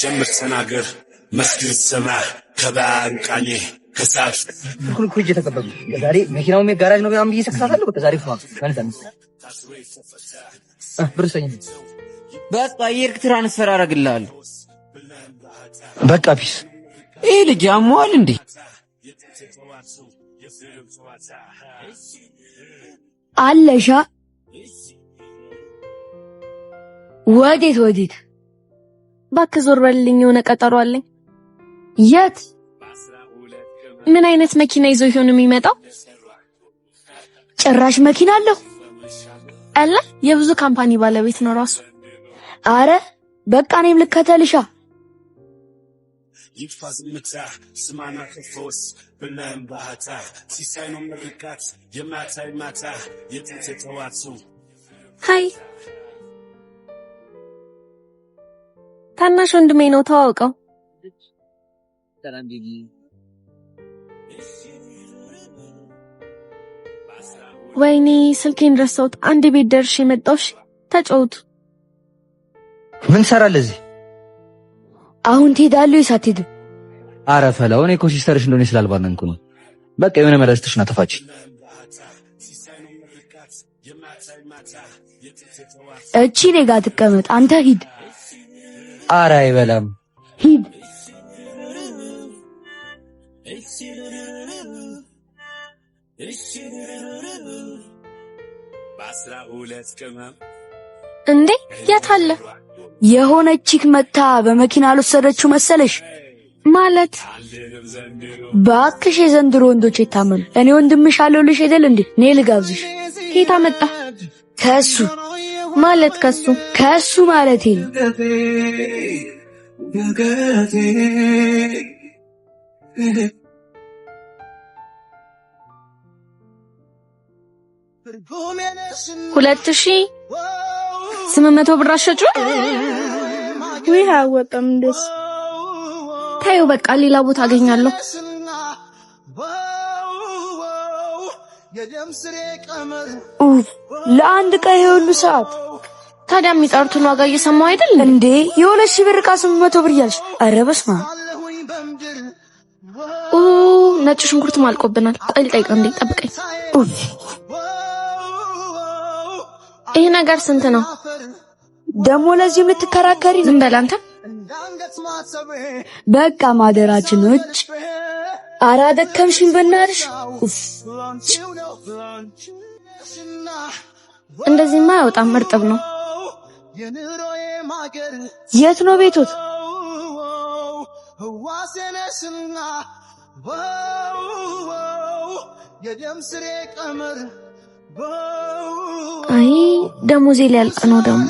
ጀምር ተናገር መስጊድ ሰማ ከባን ቃኔ ከሳፍ ሁሉ ኩጅ ተቀበሉ ዛሬ መኪናው ጋራጅ ነው ብዬ ሰክሳታለሁ። ዛሬ ሰኝ በቃ የርክ ትራንስፈር አረግልሃል። በቃ ፒስ። ይህ ልጅ ያሟል እንዴ? አለሻ ወዴት ወዴት ባክ ዞር በልልኝ፣ የሆነ ቀጠሮ አለኝ። የት? ምን አይነት መኪና ይዞ ይሆን የሚመጣው? ጭራሽ መኪና አለው? አለ የብዙ ካምፓኒ ባለቤት ነው ራሱ። አረ በቃ እኔም ልከተልሻ። ይጥፋ ምታ ስማና ክፎስ ብናይም ባህታ ሲሳይ ነው ምርካት የማታይ ማታ የጥንት ተዋቱ ሀይ ታናሽ ወንድሜ ነው። ተዋውቀው። ወይኔ ስልኬን ረሳሁት። አንድ ቤት ደርሼ መጣሁ። ተጫውቱ። ምን ሰራለህ እዚህ? አሁን ትሄዳለሁ ወይስ አትሄድም? ኧረ ፈላው። እኔ እኮ ሲስተርሽ እንደሆነ ስላልባነንኩ ነው። በቃ የሆነ መላስተሽ እና ተፋች። እቺ እኔ ጋር ትቀመጥ፣ አንተ ሂድ። አረ አይበላም። ሂድ እንዴ! የት አለ? የሆነችክ መታ በመኪና አልወሰደችው መሰለሽ። ማለት ባክሽ የዘንድሮ ወንዶች የታመኑ። እኔ ወንድምሽ አለሁልሽ አይደል እንዴ? እኔ ልጋብዝሽ። ኬታ መጣ ከሱ ማለት ከሱ ከሱ ማለት ነው። ሁለት ሺ ስምንት መቶ ብር አሸጩ። ወይ አያወጣም። እንደሱ ታዩ። በቃ ሌላ ቦታ አገኛለሁ። ለአንድ ዕቃ ይሄ ሰዓት ታዲያ የሚጠሩትን ዋጋ እየሰማሁ አይደል እንዴ? የሁለት ሺህ ብር ዕቃ ስምንት መቶ ብር እያልሽ ኧረ በስመ አብ! ነጭ ሽንኩርትም ማልቆብናል? ቆይ ልጠይቀው እንዴ፣ ጠብቀኝ። ይህ ነገር ስንት ነው ደግሞ? ለዚህ የምትከራከሪ ዝም በል አንተ። በቃ ማደራችን ውጭ ኧረ አደከምሽኝ በናትሽ! እንደዚህማ አይወጣም፣ እርጥብ ነው። የት ነው ቤቱት? አይ ደሞዜ ሊያልቅ ነው ደግሞ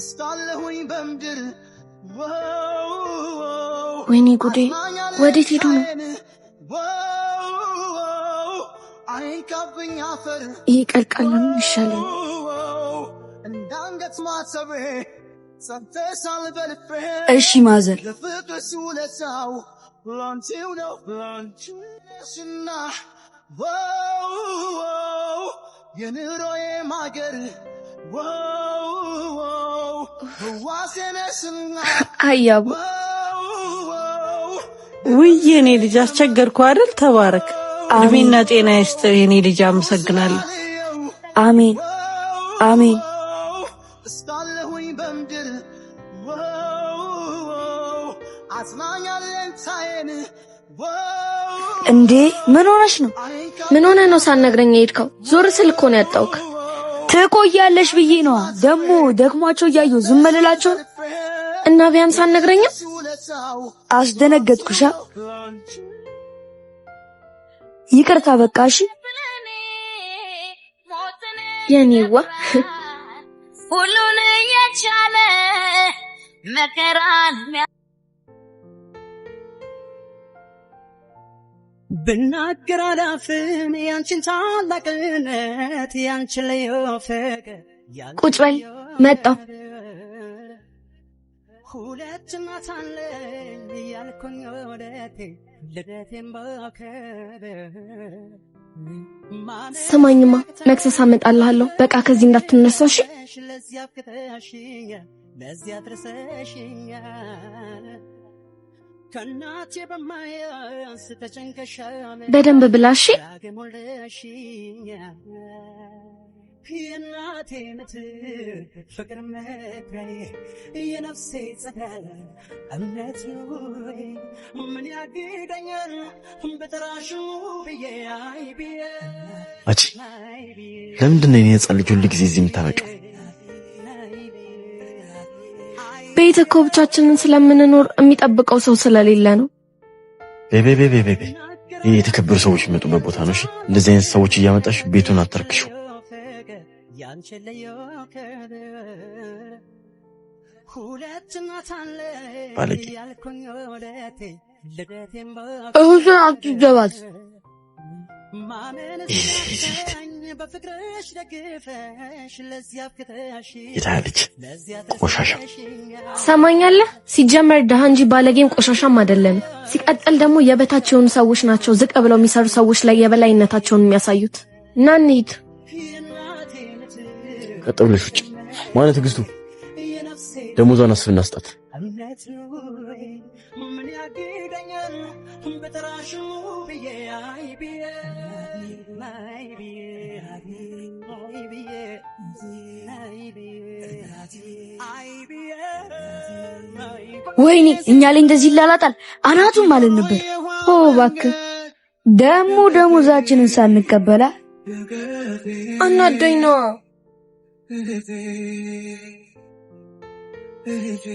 እስካለሁኝ በምድር ወይኔ ጉዴ! ወዴት ሄዱ ነው? ይህ ቀልቃሉ ይሻለኝ። እሺ ማዘር የኑሮዬ ማገር አያቡ ውይ የኔ ልጅ አስቸገርኩ አይደል? ተባረክ። እድሜና ጤና ይስጥ የኔ ልጅ። አመሰግናለሁ። አሜን አሜን። እንዴ ምን ሆነሽ ነው? ምን ሆነ ነው ሳነግረኝ የሄድከው? ዞር ስል እኮ ያጣውክ። ትቆያለሽ ብዬ ነዋ። ደግሞ ደግሟቸው እያየሁ ዝም እልላቸው እና ቢያንስ አትነግረኝም? አስደነገጥኩሻ። ይቅርታ በቃ እሺ። የኔዋ ሁሉን የቻለ መከራን ብናገር አላፍን ያንቺን ታላቅነት ያንቺ ልዩ ፍቅር ቁጭ በል መጣሁ። ሁለት እናት አለኝ እያልኩኝ ወደቴ ልደቴን ሰማኝማ መክሰስ አመጣልሃለሁ። በቃ ከዚህ እንዳትነሳ እሺ። ለዚያ አብቅተሽኛል፣ ለዚያ አድርሰሽኛል። ከእናቴ በማያንስ በደንብ ብላሽ እሺ። የእናቴ ምትር ፍቅር መክረኔ የነፍሴ ጸዳል እምነት ኑሬ ምን ያግደኛል ብዬ አይ ብዬ አቺ ለምንድን ነው የኔ ልጅ ጊዜ እዚህ የምታመጪው? ቤት እኮ ብቻችንን ስለምንኖር የሚጠብቀው ሰው ስለሌለ ነው። የተከበሩ ሰዎች የሚመጡበት ቦታ ነው። እሺ እንደዚህ አይነት ሰዎች እያመጣሽ ቤቱን አታርክሽው። ያንቺን ለዮ ክብር ሁለት እናት ያልኩኝ ወለቴ ልደቴን በእሁድን አትደባት ማመን በፍቅርሽ ደግፈሽ ለዚያ ፍቅርሽ ይታልች ቆሻሻ ሰማኛለህ። ሲጀመር ደሃ እንጂ ባለጌም ቆሻሻም አይደለም። ሲቀጥል ደግሞ የበታች የሆኑ ሰዎች ናቸው ዝቅ ብለው የሚሰሩ ሰዎች ላይ የበላይነታቸውን የሚያሳዩት። ና እንሂድ ቀጥ ብለሽ ውጭ ማነው ትዕግስቱ? ደሞዟን አስፍና ስጣት። ወይኔ እኛ ላይ እንደዚህ ይላላጣል። አናቱም ማለት ነበር። ኦ እባክህ ደግሞ ደሞዛችንን ሳንቀበላ አናደኝ ነዋ። እልቤ እልቤ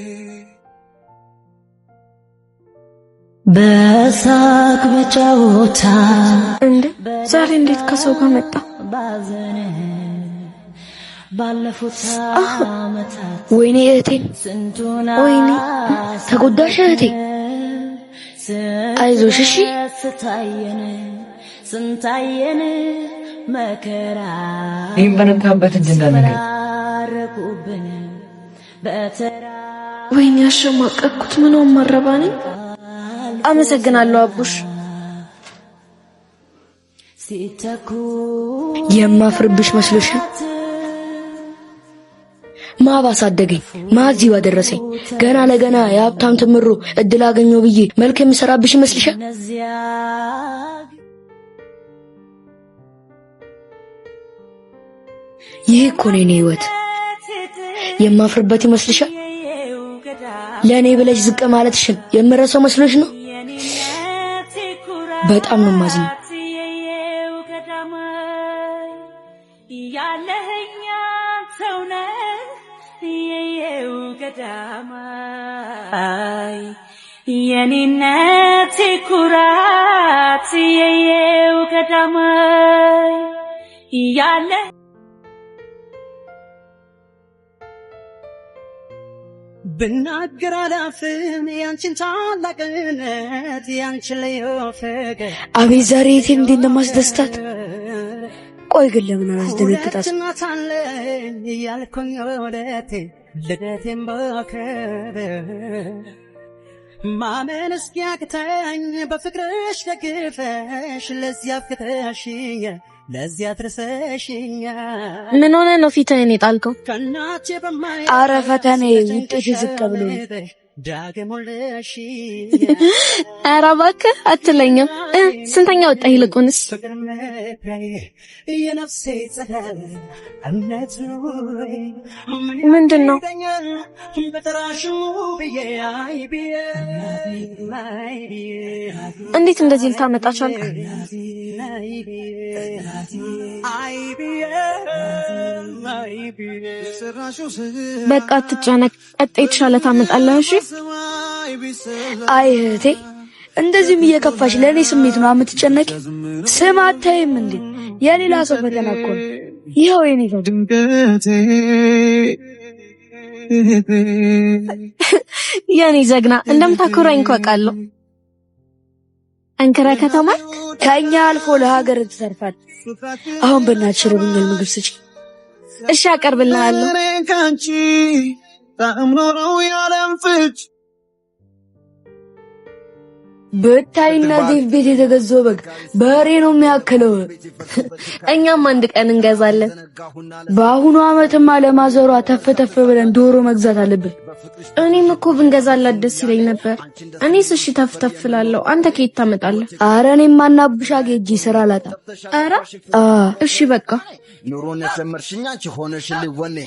በሳቅ በጨዋታ እንዴ ዛሬ እንዴት ከሰው ጋር መጣ? ባለፉት ዓመታት ወይኔ እህቴ፣ ወይኔ ተጎዳሽ እህቴ፣ አይዞሽ እሺ ስንታየን መከራ ይህም በነካበት እጅ እንዳነገር ወይኔ ያሸማቀቅኩት ምነው አመሰግናለሁ አቡሽ። የማፍርብሽ መስሎሻል? ማብ አሳደገኝ፣ ማዚ ባደረሰኝ ገና ለገና የሀብታም ትምሩ እድል አገኘው ብዬ መልክ የምሰራብሽ ይመስልሻል? ይህ እኮ ነው የኔ ህይወት። የማፍርበት ይመስልሻል? ለእኔ ብለሽ ዝቅ ማለትሽን የምረሳው መስሎሽ ነው? በጣም ነው ማዝነው። የኔነት ኩራት የየው ገዳማይ ብናገር አላፍም ያንቺን ታላቅነት ያንቺን ልዩ ፍቅር። አቤት ዛሬ የቴ እንዴት ነው ማስደስታት። ቆይ ግን ለምን አላስደነግጣት እያልኩኝ ወደቴ ልደቴን በክብር ማመን እስኪያቅተኝ በፍቅርሽ ደግፈሽ ለዚያ ፍቅተሽኝ ለዚያ ትርሰሽኛል። ምን ሆነ ነው ፊትህን የጣልከው? አረ ፈተኔ ውጤት ዝቅ ብሎ ኧረ እባክህ አትለኝም። ስንተኛ ወጣ? ይልቁንስ ምንድን ነው እንዴት እንደዚህ ልታመጣቻል? በቃ አትጨነቅ፣ ቀጣይ የተሻለ ታመጣለህ። እሺ አይ እህቴ እንደዚህም እየከፋሽ ለእኔ ስሜት ነው የምትጨነቂ? ስም አታይም እንዴ? የሌላ ሰው ፈተና እኮ ነው። ይኸው የኔ ፈ የኔ ዘግና እንደምታኮራኝ እኮ አውቃለሁ። አንከራ ከተማ ከእኛ አልፎ ለሀገር ትሰርፋል። አሁን በእናትሽ ርቦኛል፣ ምግብ ስጪ። እሺ አቀርብልሃለሁ። ተአምሮ ነው ፍች በታይና ዴፍ ቤት የተገዛው በግ በሬ ነው የሚያክለው። እኛም አንድ ቀን እንገዛለን። በአሁኑ ዓመትማ ለማዘሯ ተፈተፈ ብለን ዶሮ መግዛት አለብን። እኔም እኮ ብንገዛላት ደስ ይለኝ ነበር። እኔ እሺ ተፍተፍላለሁ፣ አንተ ከየት ታመጣለህ? አረ እኔ ማናብሻ ጌጂ ስራ ላጣ። አረ እሺ በቃ ኑሮን ያሰመርሽኝ አንቺ ሆነሽልኝ ወኔ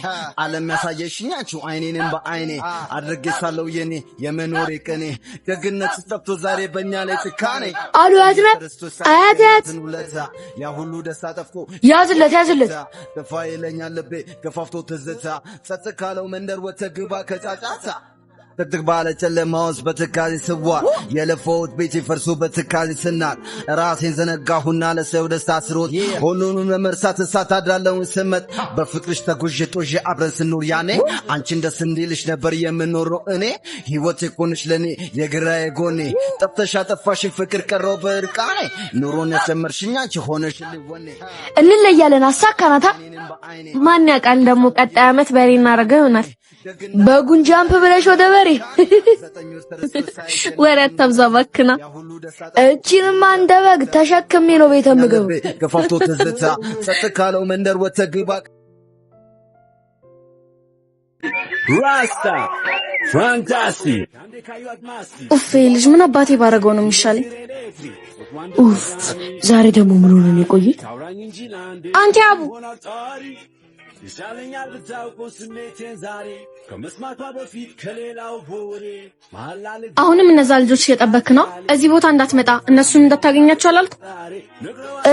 ዓለም ያሳየሽኝ አንቺ አይኔንም በአይኔ አድርጌሻለሁ የኔ የመኖሬ ቅኔ ደግነት ጠፍቶ ዛሬ በእኛ ላይ ጭካኔ አሉ ያዝነት አያት ያት ያ ሁሉ ደስታ ጠፍቶ ያዝለት ያዝለት ጥፋ ይለኛል ልቤ ገፋፍቶ ትዝታ ጸጥ ካለው መንደር ወተግባ ከጫ that's ጥቅጥቅ ጨለማ ውስጥ በትካዜ ስዋር የለፈውት ቤት ይፈርሱ በትካዜ ስናር ራሴን ዘነጋሁና ለሰው ደስታ ስሮት ሁሉንም ለመርሳት እሳት አድራለውን ስመት በፍቅርሽ ተጉዤ ጦዤ አብረን ስኑር ያኔ አንቺ እንደስ እንዲልሽ ነበር የምኖረው እኔ ህይወት የኮንሽ ለእኔ የግራ የጎኔ ጠፍተሻ ጠፋሽ ፍቅር ቀረው በርቃኔ ኑሮን ያጨመርሽኛ አንቺ ሆነሽ ልወኔ እንለያለን አሳካናታ ማን ያውቃል ደግሞ ቀጣይ ዓመት በሬ እናደርገው ይሆናል በጉንጃምፕ ብለሽ ወደ ወሬ ወሬት ተብዛ ባክና እቺንማ እንደ በግ ተሸክሜ ነው ቤተ ምግብ ገፋፍቶ ትዝታ ጸጥ ካለው መንደር ወጥተህ ራስታ ፋንታሲ ኡፌ ልጅ ምን አባቴ ባረገው ነው የሚሻለኝ? ኡፍ ዛሬ ደግሞ ምን ሆነን የቆየት አንቲ አቡ ይሻለኛል ብታውቁ ስሜቴን ዛሬ ከመስማቷ በፊት ከሌላው ቦሬ አሁንም እነዛ ልጆች እየጠበክ ነው። እዚህ ቦታ እንዳትመጣ እነሱን እንዳታገኛቸው አላልኩ።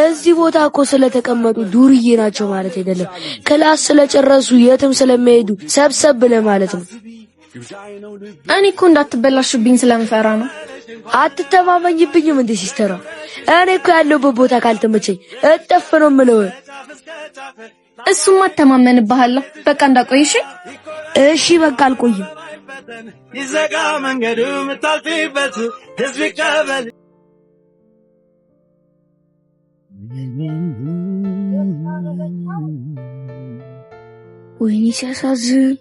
እዚህ ቦታ እኮ ስለተቀመጡ ዱርዬ ናቸው ማለት አይደለም። ክላስ ስለጨረሱ የትም ስለሚሄዱ ሰብሰብ ብለህ ማለት ነው። እኔ እኮ እንዳትበላሽብኝ ስለምፈራ ነው። አትተማመኝብኝም እንዴ ሲስተራ? እኔ እኮ ያለሁበት ቦታ ካልተመቸኝ እጠፍ ነው የምለው። እሱማ እተማመንብሃለሁ። በቃ እንዳቆይሽ። እሺ በቃ አልቆይም። ይዘጋ መንገዱ የምታልፊበት ህዝብ ይቀበል። ወይኔ ሲያሳዝን።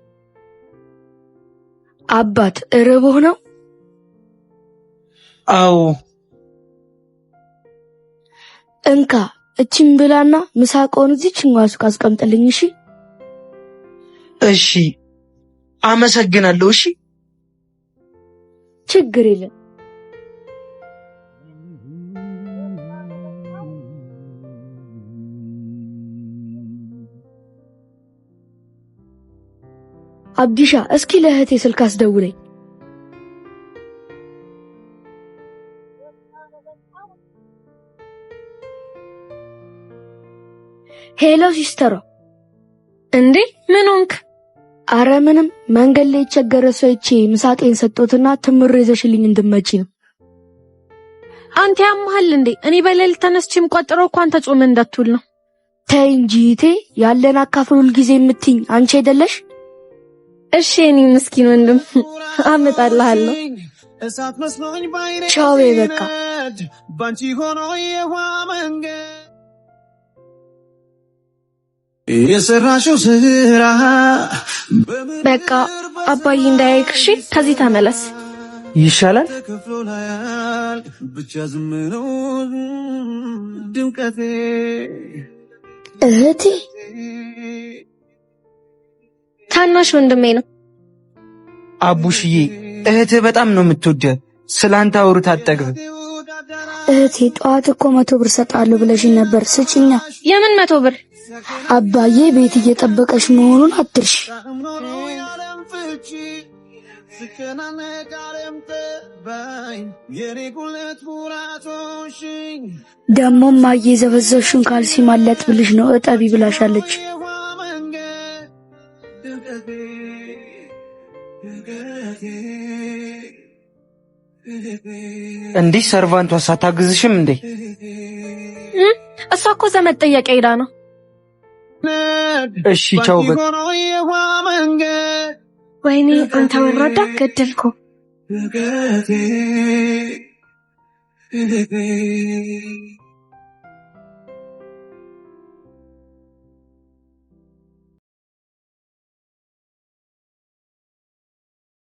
አባት እርቦህ ነው? አዎ እንካ እቺን ብላና ምሳቆን እዚህ ችንዋሱ አስቀምጥልኝ። እሺ እሺ፣ አመሰግናለሁ። እሺ ችግር የለም። አብዲሻ እስኪ ለእህቴ ስልክ አስደውለኝ። ሄሎ ሲስተሯ፣ እንዴ ምን ሆንክ? አረ ምንም፣ መንገድ ላይ የቸገረ ሰው ይቼ ምሳቄን ሰጦትና ትምር ይዘሽልኝ እንድመጪ ነው። አንተ ያመሃል እንዴ? እኔ በሌሊት ተነስቼም ቆጥሮ እንኳን ተጾመ እንዳትውል ነው። ተይ እንጂ እቴ፣ ያለን አካፍሉል ጊዜ የምትኝ አንቺ አይደለሽ? እሺ እኔ ምስኪን ወንድም አመጣልሃለሁ። ቻው በቃ የሰራሽው ስራ በቃ አባዬ እንዳያይክሽ ከዚህ ተመለስ ይሻላል። ብቻ ዝም ነው ድምቀቴ እህቴ ታናሽ ወንድሜ ነው። አቡሽዬ እህትህ በጣም ነው የምትወደ ስላንተ አውርታ አጠግብ እህቴ ጠዋት እኮ መቶ ብር ሰጣለሁ ብለሽኝ ነበር። ስጭኛ። የምን መቶ ብር? አባዬ ቤት እየጠበቀሽ መሆኑን አትርሽ። ደሞ ማዬ ዘበዘሽን ካልሲ ማለጥ ብልሽ ነው እጠቢ ብላሻለች። እንዲህ ሰርቫንቷ ሳታግዝሽም እንዴ? እሷ እኮ ዘመድ ጠየቀ ሄዳ ነው። እሺ ቻው። ወይኔ አንተ ወራዳ ገደልኩ።